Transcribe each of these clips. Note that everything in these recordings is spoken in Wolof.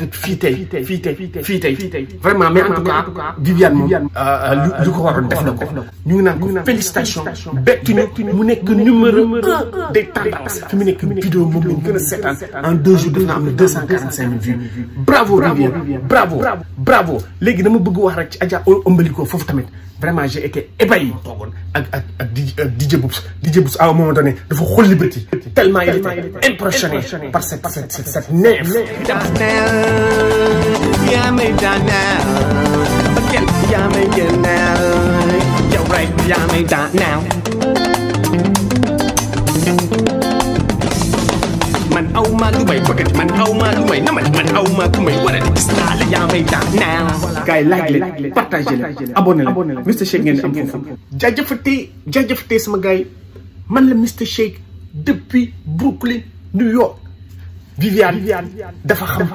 avec vraiment mais en tout cas Viviane numéro en deux jours vues bravo Viviane bravo bravo les dama bëgg wax vraiment j'ai été ébahi DJ Boops, DJ Boops, à un moment donné tellement il impressionné par cette cette อย่าไม่จานนวมาเก็บอย่าไม่เก็นแนวอย่าไรอย่าไม่จานนวมันเอามาทุ้วยประกันมันเอามาทด้วยน้ำมันมันเอามาทด้วยว่าแต่สตาร์เลยยาไม่จ่ายแนวกายไล่เลยปัตตาเจลอับบอนเลยมิสเตอร์เชงเงินอัมพูจัจจฟิตี้จัจจ์ฟิตี้สมัยมันเลยมิสเตอร์เชงเดบิบรุกลินนิวยอร์ก Viviane dafa xam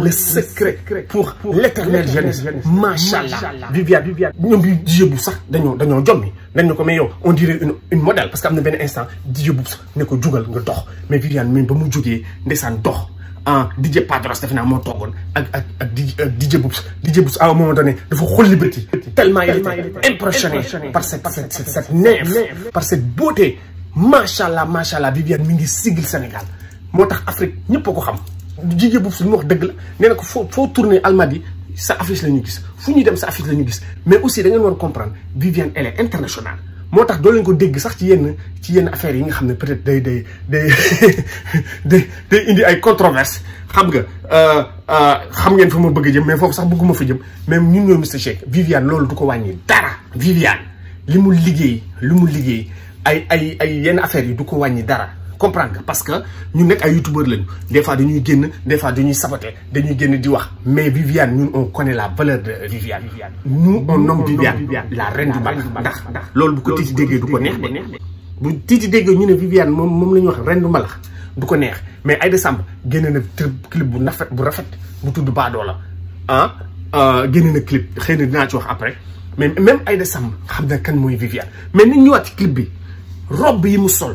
le secret pour l'éternel jeunesse Machallah. Viviane DJ on dirait une une modèle parce que instant DJ nous ne ko mais Viviane même ba mu nous ah DJ Padros DJ DJ euh, à un moment donné tellement impressionné par cette cette cette par cette beauté Machallah, machallah, Viviane Sénégal. moo tax Afrique ñëpp ko xam Djidji Boups li mu wax dëgg la nee na ko foo foo tourné Almadies sa affiche la gis fu ñuy dem sa affiche la ñu gis mais aussi da ngeen war comprendre Viviane elle est internationale moo tax doo leen ko dégg sax ci yenn ci yenn affaires yi nga xam ne peut-être day day day day day indi ay controverse xam nga euh, euh, xam ngeen fa ma bëgg jëm mais foofu sax bëgguma fa jëm même ñun ñoo Mister Shake Viviane loolu du ko wàññi dara Viviane li mu liggéey li mu liggéey ay ay ay yenn affaires yi du ko wàññi dara comprendre parce que ñun nag ay youtubeur lañu des fois dañuy génn des fois dañuy saboter dañuy génn di wax mais Viviane ñun on connaît la valeur de Viviane. nous on nomme Viviane la reine du bal ndax loolu bu ko tiiti déggee du ko neex de bu nous ne Viviane mon mon wax reine du mbalax du ko neex mais Aïda Samb génne na clip bu rafet bu rafet bu tudd baadoo la hein génne na clip xëy na dinaa ci wax après mais même aïe Samb xam na kan Viviane mais nous ñëwaat ci clip bi robe yi mu sol.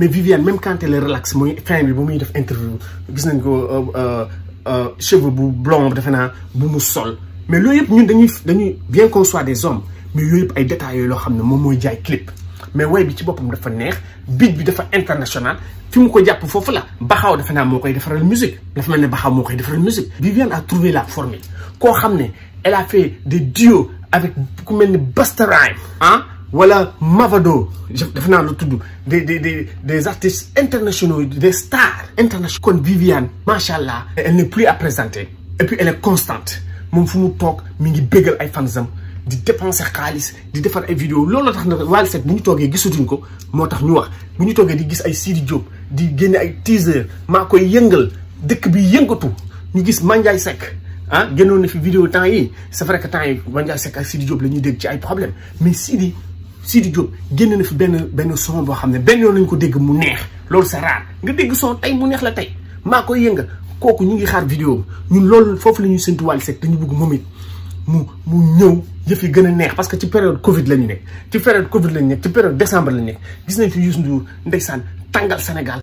mais Viviane même quand elle est relax moi fin bi ba def interview gis nañ ko euh, euh, euh, cheveux bu blond defe naa bu mu sol mais loolu yëpp ñun dañuy dañuy bien qu'on soit des hommes mais yooyu yëpp ay détails yooyu loo xam ne moom jaay clip mais way bi ci boppam dafa neex beat bi dafa international fi mu ko jàpp foofu la baxaw defe naa moo koy musique daf melni baxaw mokay defal musique Viviane a trouvé la formule ko xamne elle a fait des duos avec ku melni ni Busta Rhymes hein? voilà Mavado je fais lu tudd des des des artistes internationaux des stars internationaux comme Viviane macha elle n'est plus à présenter. et puis elle est constante mon fu mu toog mi ngi bégal ay fansam di dépenser khalis, di defar ay vidéo loolu la tax na wal set, bu ñu toogee ko moo tax ñu wax bu ñu di gis ay Sidi Diop di génne ay teaser maa koy yëngal dëkk bi yëngatu ñu gis Mandiaye Seck. Hein, génnoon na fi vidéo tan yi c'est vrai que tan yi Mandiaye Seck ak Sidi Diop la ñuy dégg ci ay problème mais Sidi Sidi Diop génn na fi benn benn son boo xam ne benn yoon lañ ko dégg mu neex loolu c'est rare nga dégg son tey mu neex la tey maa koy yënga kooku ñu ngi xaar vidéo ñun loolu foofu la ñuy séntu Wally Seck dañu bëgg moom it mu mu ñëw yëf yi gën a neex parce que ci période Covid la ñu nekk ci périod Covid la ñu nekk ci période décembre la nekk gis nañ fi Youssou Ndour ndeysaan tàngal Sénégal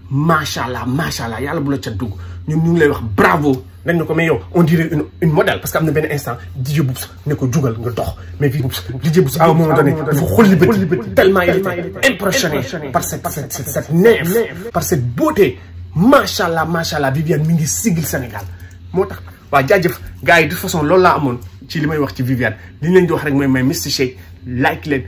macha allah macha allah yàlla bu la ca dugg ñun ñu ngi lay wax bravo Nous ne ko on dirait une une modèle parce qu'à un instant DJ Boubs ne ko jugal nga dox mais fii DJ à un moment donné vous xolli tellement impressionné par cette cette cette neige par cette beauté macha allah macha allah Viviane Mingi sigle sigil Sénégal moo wa waaw gars de toute façon Lola laa amoon ci li wax ci Viviane li ñu leen wax rek may like les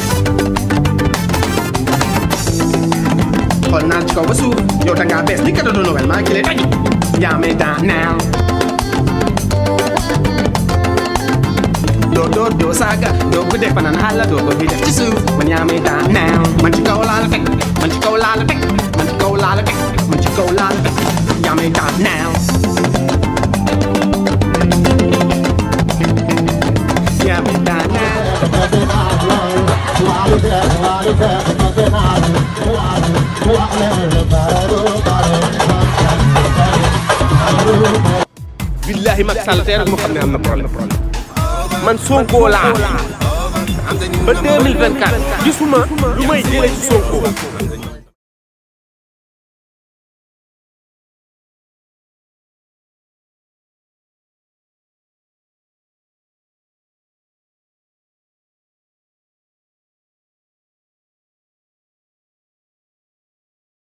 doon naan ci kaw ba suuf yow da ngaa bees ni cadeau de Noël maa ngi naaw doo doo doo saaga doo ko def banaan xaala doo ko ci suuf man yaa may daan naaw man ci kaw laa la fekk man ci kaw laa la fekk man ci naaw billahi Macky Sall tey rek mu xam ne am na problème man Sonko laa ba 2024 gisuma lu may jëlee ci Sonko